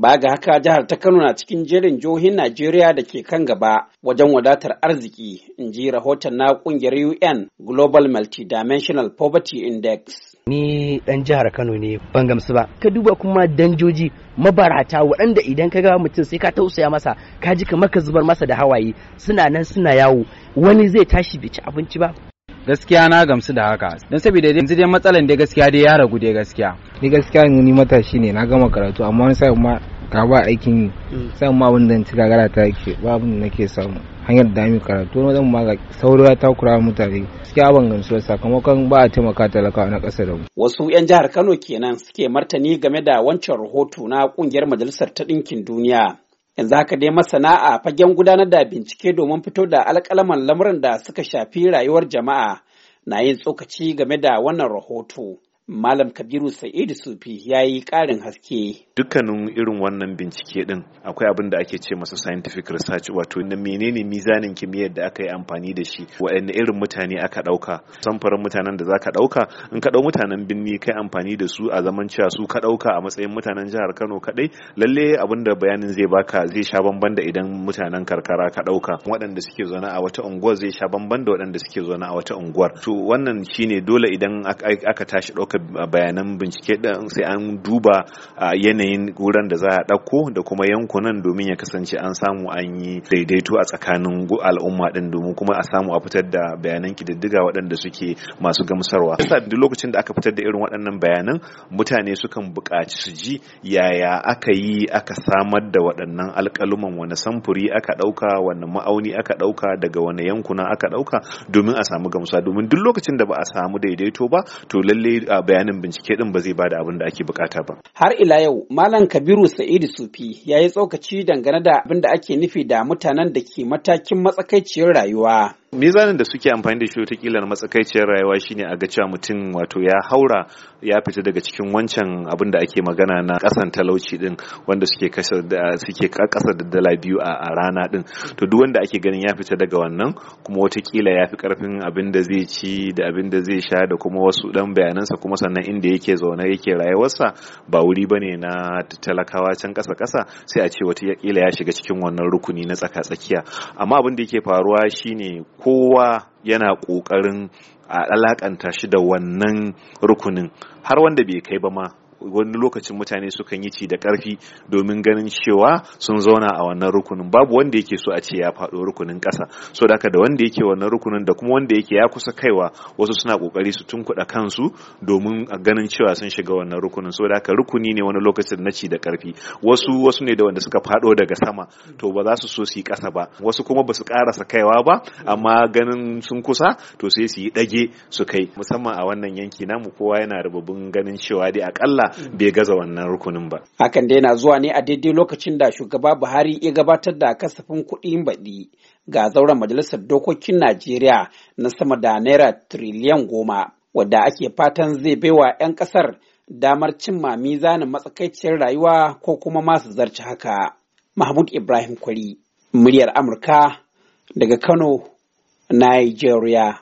Ba ga haka jihar ta Kano na cikin jerin jihohin Najeriya da ke kan gaba wajen wadatar arziki, in ji rahoton na kungiyar UN Global Multidimensional Poverty Index. Ni dan jihar Kano ne ban gamsu ba. Ka duba kuma danjoji mabarata waɗanda idan ka ga mutum sai ka tausaya masa ka ji kamar ka zubar masa da hawaye suna nan suna yawo wani zai tashi bai ci abinci ba gaskiya na gamsu da haka don saboda yanzu dai matsalan dai gaskiya dai ya ragu da gaskiya ni gaskiya ni matashi ne na gama karatu amma wani sa'in ma ka ba aikin yi sai mm. ma abin da ci gagara ta ke ba abin da nake samu hanyar da mu karatu wani zan maga sauro ta takura mutane suke abin gamsuwa sakamakon ba a taimaka talakawa na ƙasa da mu. wasu 'yan jihar kano kenan suke martani game da wancan rahoto na ƙungiyar majalisar ta ɗinkin duniya yanzu haka dai masana a fagen gudanar da bincike domin fito da alƙalaman lamuran da suka shafi rayuwar jama'a na yin tsokaci game da wannan rahoto. Malam Kabiru Sa'idu Sufi ya yi ƙarin haske. Dukkanin irin wannan bincike ɗin akwai abin da ake ce masa scientific research wato na menene mizanin kimiyyar da aka yi amfani da shi waɗanne irin mutane aka ɗauka samfarin mutanen da za ka ɗauka in ka ɗau mutanen birni kai amfani da su a zaman cewa su ka ɗauka a matsayin mutanen jihar Kano kaɗai lalle abin da bayanin zai baka zai sha bamban da idan mutanen karkara ka ɗauka waɗanda suke zaune a wata unguwar zai sha bamban da waɗanda suke zaune a wata unguwar to wannan shine dole idan aka tashi ɗauka bayanan bincike din sai an duba a yanayin wurin da za a ɗauko da kuma yankunan domin ya kasance an samu an yi daidaito a tsakanin al'umma din domin kuma a samu a fitar da bayanan kididdiga waɗanda suke masu gamsarwa yasa duk lokacin da aka fitar da irin waɗannan bayanan mutane sukan buƙaci su ji yaya aka yi aka samar da waɗannan alƙaluman wani samfuri aka ɗauka wani ma'auni aka ɗauka daga wani yankuna aka ɗauka domin a samu gamsuwa domin duk lokacin da ba a samu daidaito ba to lalle bayanin bincike din ba zai bada abin da ake bukata ba har ila yau malam kabiru sa'idu sufi ya yi tsokaci dangane da abin da ake nufi da mutanen da ke matakin matsakaiciyar rayuwa mizanin da suke amfani da shi watakila na matsakaiciyar rayuwa shine a ga cewa mutum wato ya haura ya fita daga cikin wancan abin da ake magana na kasan talauci din wanda suke kasa da suke da dala biyu a rana din to duk wanda ake ganin ya fita daga wannan kuma watakila ya fi karfin abin da zai ci da abin da zai sha da kuma wasu dan bayanansa kuma sannan inda yake zaune yake rayuwarsa ba wuri bane na talakawa can ƙasa ƙasa sai a ce wata kila ya shiga cikin wannan rukuni na tsaka tsakiya amma abin da yake faruwa shine kowa yana ƙoƙarin a alakanta shi da wannan rukunin har wanda bai kai ba ma wani lokacin mutane sukan yi ci da ƙarfi domin ganin cewa sun zauna a wannan rukunin babu wanda yake so a ce ya faɗo rukunin ƙasa so da da wanda yake wannan rukunin da kuma wanda yake ya kusa kaiwa wasu suna kokari su tunkuɗa kansu domin a ganin cewa sun shiga wannan rukunin so da rukuni ne wani lokacin na ci da ƙarfi. wasu wasu ne da wanda suka faɗo daga sama to ba za su so su yi ƙasa ba wasu kuma ba su ƙarasa kaiwa ba amma ganin sun kusa to sai su yi ɗage su kai musamman a wannan yanki namu kowa yana rububin ganin cewa dai akalla Mm. bai gaza wannan rukunin ba. Hakan dai na zuwa ne a daidai lokacin da shugaba Buhari ya gabatar da kasafin kuɗin baɗi ga zauren majalisar dokokin Najeriya na sama da naira tiriliyan goma wadda ake fatan zai baiwa 'yan ƙasar damar cimma mizanin matsakaiciyar rayuwa ko kuma masu zarci haka. Mahmud Ibrahim Kwari, muryar Amurka daga Kano, Nigeria.